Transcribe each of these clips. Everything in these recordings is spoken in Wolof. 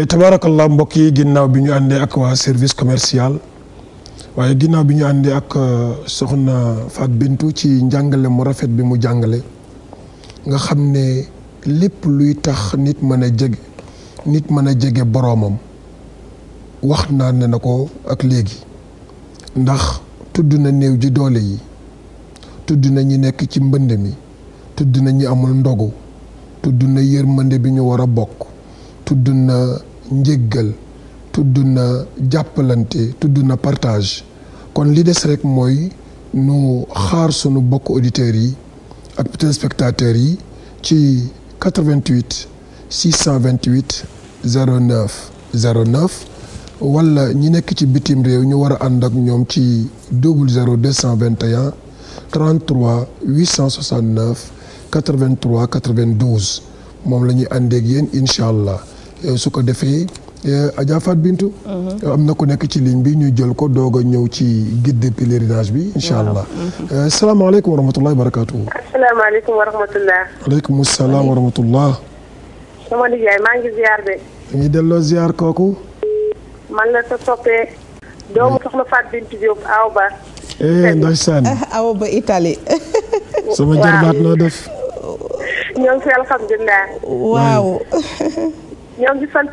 Eh, tabarakallah mbokk yi ginnaaw bi ñu àndee ak waa service commercial waaye ginnaaw bi ñu àndee ak euh, soxna Faat Bintu ci njàngale mu rafet bi mu jàngale nga xam ne lépp luy tax nit mën a jege nit mën a jege boroomam wax naa ne na ko ak léegi ndax tudd na néew ji doole yi tudd na ñi nekk ci mbënd mi tudd na ñi amul ndogu tudd na yërmande bi ñu war a bokk tudd na njëggal tudd na jàppalante tudd na partage kon li des rek mooy nu xaar sunu bokk auditeurs yi ak téléspectateurs yi ci 88 628 09 09 wala ñi nekk ci bitim réew ñu war a ànd ak ñoom ci double 0 221 33 869 83 92 moom la ñuy àndeeg yéen incha allah eh, su ko defee eh, Adja Fat Bintu mhm. am na ku nekk ci ligne bi ñuy jël ko doog ñëw ci guide pèlerinage bi incha allah mhm. eh, salaamaaleykum wa rahmatullahi wa barakaatu asalaamaaleykum wa rahmatullah aleykum salaam wa sama nijaay maa ngi ziar de ñu delloo ziar kooku man la sa soppee doomu soxna Fat Bintu Diop aw ba eh ndeysaan awa ba Italie sama jarbaat noo def ñoo fi alhamdulilah waaw ñoo ngi sant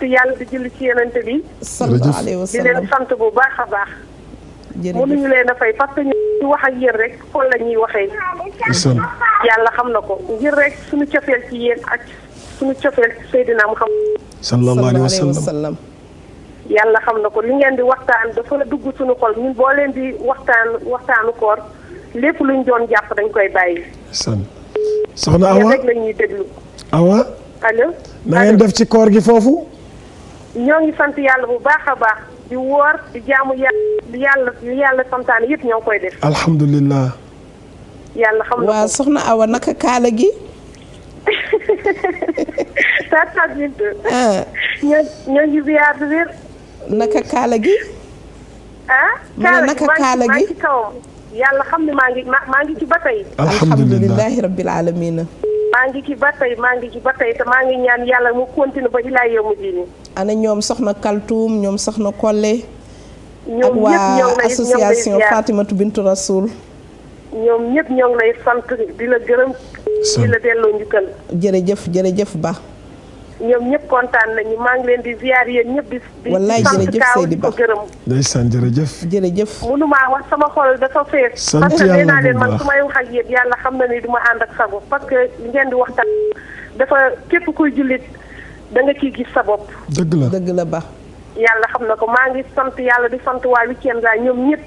ñoo yàlla di julli ci yenente bi sallallahu alayhi leen sant bu baax a baax mënuñu leen a fay parce que ñu wax ak yéen rek kon la ñuy waxee yàlla xam na ko ngir rek suñu cofeel ci yéen ak suñu cofeel ci Seydina Muhammad sallallahu alayhi wa sallam yàlla xam na ko li ngeen di waxtaan dafa dugg suñu xol ñun boo leen di waxtaan waxtaanu koor lépp luñ doon jàpp dañ koy bàyyi. sant soxna Awa rek la ñuy déglu. Awa. ngeen def ci koor gi foofu. ñoo ngi sant yàlla bu baax a baax di woor di jaamu yàlla yàlla yàlla santaane yëpp ñoo ngi koy def. alhamdulilah. xam na ko waaw soxna Awa naka kaala gi. saa saa naka kaala gi. ah naka kaala gi ci yàlla xam ne maa ngi maa ngi ci ba tey. alhamdulilah rabbil aalamiina. maa ngi ci ba tey maa ngi ci ba maa ngi ñaan yàlla mu continue ba ilaa yawmi diini. ana ñoom soxna Kaltoum ñoom soxna Kolle. ñoom ñëpp ñoo ngi ñoom ñëpp ñoo lay sant di la gërëm. di la delloo njukkal. jërëjëf jërëjëf Ba. ñoom ñëpp kontaan nañu maa ngi leen di ziar yéen ñëpp di. di sant Kaaw di ko gërëm. ndeysaan jërëjëf. jërëjëf. mënumaa wax sama xol dafa fees. sant yàlla bu baax parce que naa leen man su may wax yàlla xam na ni du ma ànd sago parce que ngeen di waxtaan dafa képp kuy jullit da nga ciy gis sa bopp. dëgg la dëgg la baax. yàlla xam na ko maa ngi sant yàlla di sant waa weekend gaa ñoom ñëpp.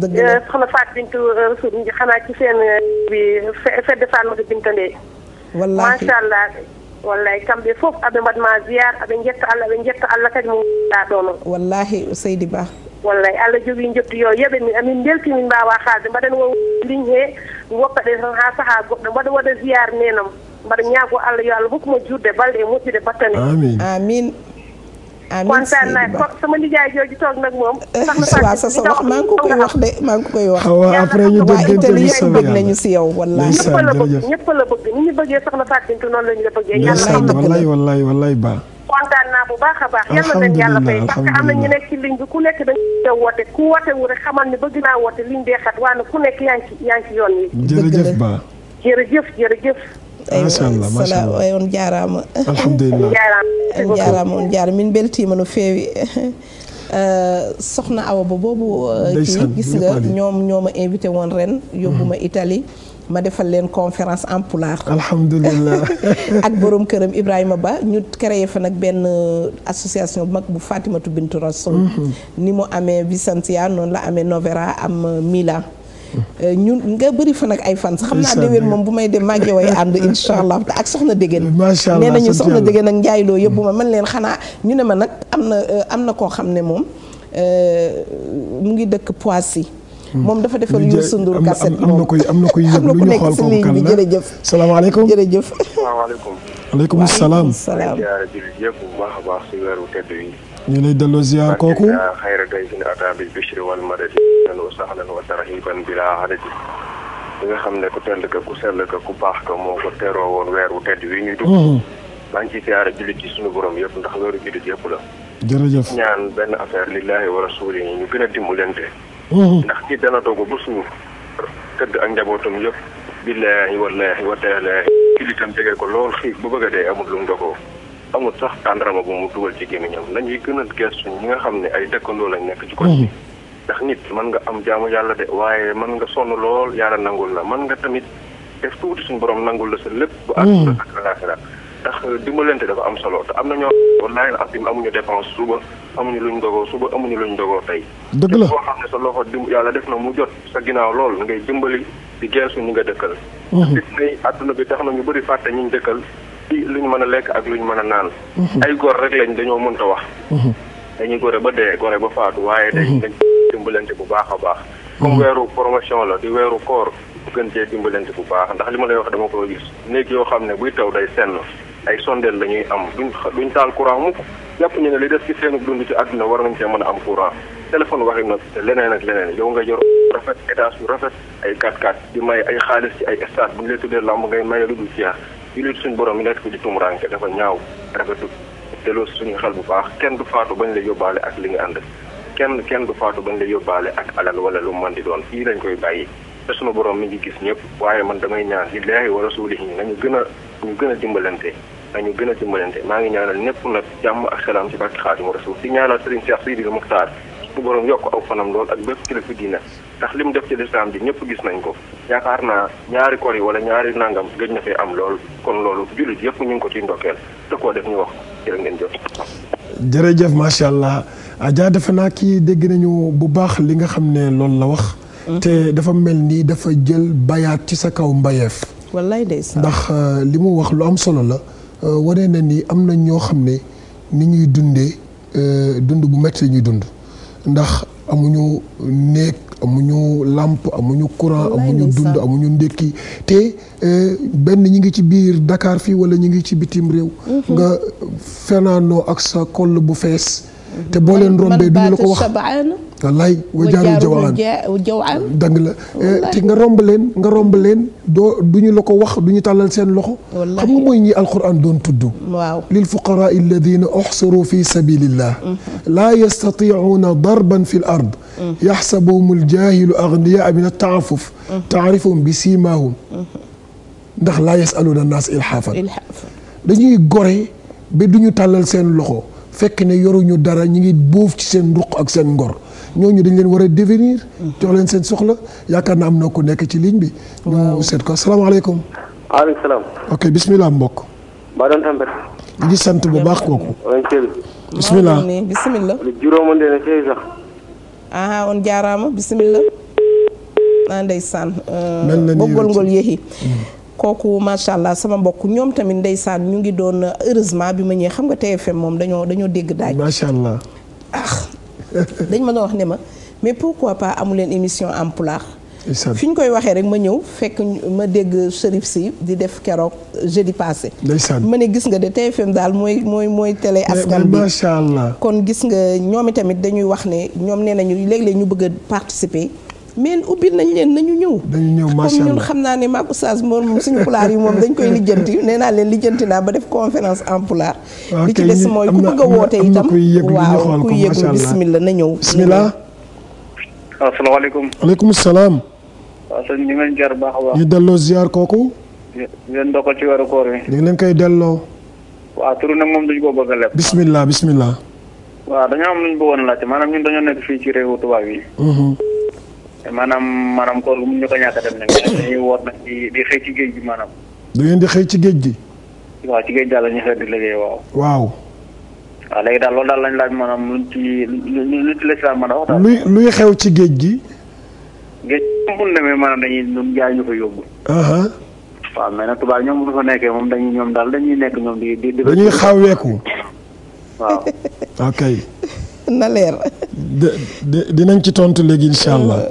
dëgg la euh, soxna Fatou Bintou euh, Rassoul xanaa ci seen euh, bi fête de Fane Binta Ndeye. wallaahi wallahi kamɓe fof aɓe mbaɗma ziyar aɓe jetta allah aɓe jetta allah kadi mo ɗaɗono wallahi seydi ba wallahi allah jogui jettuyo yooɓe min amin belti min mbawa haalde mbaɗen wo ligne he goppa ɗe tan ha saaha goɗɗo mbaɗa waɗa ziyar nenam mbaɗa ñaago allah yo allah hokkuma jurde balɗe e moƴƴude battane amin amiin kontaan naa sama nijaay jooju toog nag moom. waaw sa sa wax maa ngi ko koy wax de maa ngi ko koy wax. si yow. wallaahi ñëpp la la bëgg ni ñu bëggee soxna Fatou Bintou noonu la ñu la bëggee. yàlla wallaay wallaay baax. naa bu baax a baax. yàlla na ñu nekk ci ku nekk dañu ci woote ku woote wu rek xamal ni bëgg naa woote ligne bee xat waaye ku nekk yaa ngi ci yaa ngi ci yoon wi. jërëjëf baax jërëjëf jërëjëf macha allah macha allah eyyi on jarama alhamdulillah on jarama on jarama min euh, ba boobu euh, kii gis nga ñoom ñooma invité woon ren yóbbuma mm-hmm. itali ma defal leen conférence en pulaar alhamdulilah ak borom këram Ibrahima Ba ñu créé fa nag benn euh, association bu mag bu Fatimatu Bintu Rasul mm-hmm. ni mu amee Vicentia noonu la amee Novera am Mila Euh, ñun nga bëri fa nag ay fan. xam naa déwén moom bu may dem maa ngi way ànd incha allah te ak soxna Degen. macha allah nee nañu soxna Degen ak Ndiaye loo yëpp ma man leen xanaa ñu ne ma nag am na euh, am na koo xam ne moom euh, mu ngi dëkk Poissy. Hmm. moom dafa defal Youssou Ndour kaset moom am na koy am na koy yëg lu ñu xool kooku kan la am na ku nekk si ligne bi salaamaaleykum jërëjëf. salaamaaleykum. aleykum salaam salaam ziyaara bu baax a baax si weeru tedd yi ñu lay delloo ziyaar kooku xayra day sin ata bi bishri wal madadi nan wa sahlan wa tarhiban bilaa adadi li nga xam ne ku tedd ka ku sell ka ku baax ka moo ko teroo woon wu tedd wi ñu dugg hmm. maa ngi ci ziyaara jullit ci suñu borom yëpp ndax weeru jullit yëpp la jërëjëf ñaan benn affaire lillahi wa rasuli yi ñu gën a dimbalante hmm. ndax ci dana dogu bu suuf tëdd ak njabootam yëpp billaahi wallaahi wa taalaahi kilitam jege ko lool xiif bu bëgg a dee amul lu mu dogoo amul sax tàndarama bu mu dugal ci gémmiñam nañuy gën a gestu ñi nga xam ne ay dëkkandoo lañ nekk ci ko ndax nit mën nga am jaamu yàlla de waaye mën nga sonn lool yàlla nangul la mën nga tamit def tuuti borom nangul la sa lépp mm. bu àdduna ak alaaxira ndax dimbalante dafa am solo te am na ñoo wallaahi la asim amuñu dépense suba amuñu luñ dogoo suba amuñu luñ dogoo tey dëgg la koo xam ne sa loxo dim yàlla def na mu jot sa ginnaaw lool ngay dimbali di geesu ñi nga dëkkal ci mhm. tey àdduna bi tax na ñu bëri fàtte ñu dëkkal ci lu ñu mën a lekk ak lu ñu mën a naan. Mhm. ay góor rek lañ dañoo mënta wax. Mhm. dañuy gore ba dee gore ba faatu waaye dañ dañ dimbalante bu baax a baax. comme weeru promotion la di weeru koor gën cee dimbalante bu baax ndax li ma lay wax dama ko gis néeg yoo xam ne buy taw day senn ay sondeel la ñuy am duñ duñ taal courant mukk jàpp ñu ne li des ci seenu dund ci àdduna war nañ cee mën a am courant téléphone waxi nag leneen ak leneen yow nga yor. rafet étage bu rafet ay 4-4 di may ay xaalis ci ay stade bu ñu lay tuddee lamb ngay maye lu dul siyaar di leen suñu borom yi nekk ko ci tumuranke dafa ñaaw rafetul delloo suñu xel bu baax kenn du faatu bañ la yóbbaale ak li nga ànd kenn kenn du faatu bañ la yóbbaale ak alal wala lu mën di doon fii lañ koy bàyyi te sunu borom mi ngi gis ñëpp waaye man damay ñaan li leexi wa rasulihi nañu gën a gën a dimbalante nañu gën a dimbalante maa ngi ñaanal ñëpp nag jàmm ak salaam ci barki xaadimu rasul di ñaanal Serigne Cheikh Sidi suñu borom yokk aw fanam lool ak bépp kilifa diine tax li mu def ci lislaam bi ñëpp gis nañ ko yaakaar naa ñaari kor yi wala ñaari nàngam gëj na fee am lool kon loolu jullit yëpp ñu ngi ko ciy ndokkeel te koo def ñu wax jërë ngeen jëf. jërëjëf macha allah ajaa defe naa kii dégg nañu bu baax li nga xam ne loolu la wax. Hmm? te dafa mel nii dafa jël bayaat ci sa kaw mbayeef. wallaay ndeysaan ndax euh, li mu wax lu am solo la. Euh, wane na nii am na ñoo xam ne ni ñuy dundee euh, dund bu métti ñuy dund. ndax amuñu néeg amuñu làmp amuñu courant amuñu dund amuñu ndékki te euh, benn ñi ngi ci biir Dakar fii wala ñi ngi ci bitim réew mm-hmm. nga fenaanoo ak sa koll bu fees Mhm. te boo leen rombee duñu la ko wax wallaay wa jaaru jawaan dang la eh, te nga romb leen nga romb leen doo duñu la ko wax duñu tàllal seen loxo xam nga mooy ñi alquran doon tudd waaw lil fuqaraa alladina uxsiru fi sabilillah mhm. laa yastatiicuuna darban fi l ard mhm. yaxsabuhum aljahilu agniyaa min altaafuf taarifuhum bi siimaahum ndax laa yasaluuna annaas ilxaafan dañuy gore ba duñu tàllal seen loxo fekk ne yoruñu dara ñu ngi bóof ci seen nduq ak seen ngor ñooñu dañ leen war a devenir mm. jox leen seen soxla yaakaar na am na ku nekk ci ligne bi ñu seet ko asalaamaaleykum waaleykum salaam ok mbokk mbaa doon tamber ñu ngi sant bu baax kooku bisimilah bisimilah juróoma ndene sey sax aha on euh, ngol yehi kooku macha allah sama mbokk ñoom tamit ndeysaan ñu ngi doon heureusement bi ma ñëwee xam nga TFM moom dañoo dañoo dégg daaj. macha allah. ah dañ ma doon wax ne ma mais pourquoi pas amu leen émission en pulaar. fi ñu koy waxee rek ma ñëw fekk ma dégg Chérif si di def keroog jeudi passé. ma ne gis nga de TFM daal mooy mooy mooy télé askan bi kon gis nga ñoom itamit dañuy wax ne ñoom nee nañu léeg-léeg ñu bëgg a participer. mais ubbil nañ leen nañu ñëw dañu ñëw macha allah xam naa ne maag oustaz Mor moom suñu pulaar yi moom dañ koy lijjanti nee naa leen lijjanti naa ba def conférence en pulaar li ci des mooy ku bëgg a woote itam waaw kuy yëglu bismillah na ñëw bismillah asalaamaaleykum aleykum salaam waaw sëñ ñu ngi leen jar baax a baax ñu delloo kooku leen ndokkal ci weeru koor bi ñu leen koy delloo waaw turu nag moom duñu ko bëgg a leb bismillah bismillah waaw dañoo am luñ bëggoon laajte maanaam ñun dañoo nekk fii ci réewu tubaab yi mm-hmm. maanaam maanaam koor gu mu ñu ko ñàkk dem nag dañuy woor nag di di ci géej gi maanaam. da ngeen ci géej gi. waaw ci géej daal la ñuy xëy di liggéey léegi daal loolu daal lañ laaj maanaam luñ ci luñ ci xew ci géej gi. géej gi mun maanaam dañuy ñun jaay ñu ko yóbbu. waaw mais nag tubaab ñoom bu fa nekkee moom dañuy ñoom daal dañuy nekk ñoom di di. dañuy xaweeku. waaw. ok. dinañ ci tontu léegi incha euh, allah.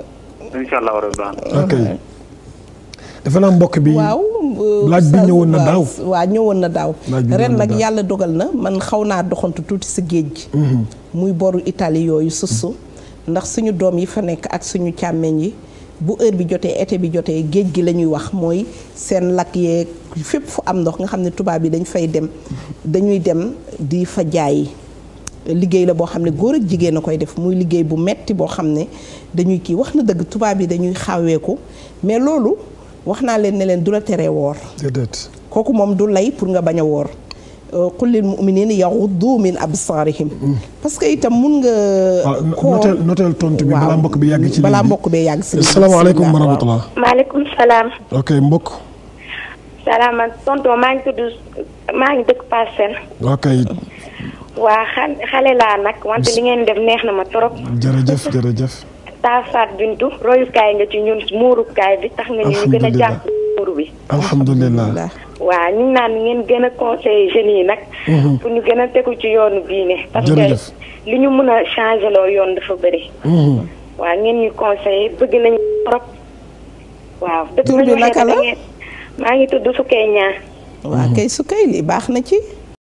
incha dafa naa mbokk bi. waaw euh, laaj bi ñëwoon na daaw. waaw ñëwoon na daaw. ren nag yàlla dogal na man xaw naa doxantu tuuti si géej gi. Mhm. muy boru itali yooyu susu. Mhm. ndax suñu doom yi fa nekk ak suñu càmmeñ yi. bu heure bi jotee été bi jotee géej gi la ñuy wax mooy seen lakk yeeg fépp fu am ndox nga xam ne tubaab yi dañ fay dem mhm. dañuy dem di fa yi liggéey la boo xam ne góor ak jigéen a koy def muy liggéey bu metti boo xam ne dañuy kii wax na dëgg tubaab yi dañuy xaweeku mais loolu wax naa leen ne leen du la teree woor kooku moom du lay pour nga bañ a woor mu euh, qul lil mu'minina yaghuddu min absarihim parce que itam mun nga ah, koor noteel tontu bi balaa mbokk bi yàgg ci balaa mbokk bi yàgg si salaamaaleykum wa rahmatullah maaleykum salaam ok mbokk salaam man tonton maa ngi tudd maa ngi dëkk Parcelles ok waa xale laa nag wante li ngeen def neex na ma trop. jërëjëf jërëjëf. taa Faat Bintu royukaay nga ci ñun muurukaay bi tax nga ñu gën a jàpp muuru bi. alhamdulilah. waaw ñu naan ngeen gën a conseiller jeunes yi nag. Mhm. pour ñu gën a tegu ci yoonu diine. parce que li ñu mën a changé loo yoon dafa bëri. Mhm. waaw ngeen ñu conseiller bëgg nañu trop. waaw dëgg naka la maa ngi tudd Sukey Ñaa. waaw kay Sukey li baax na ci.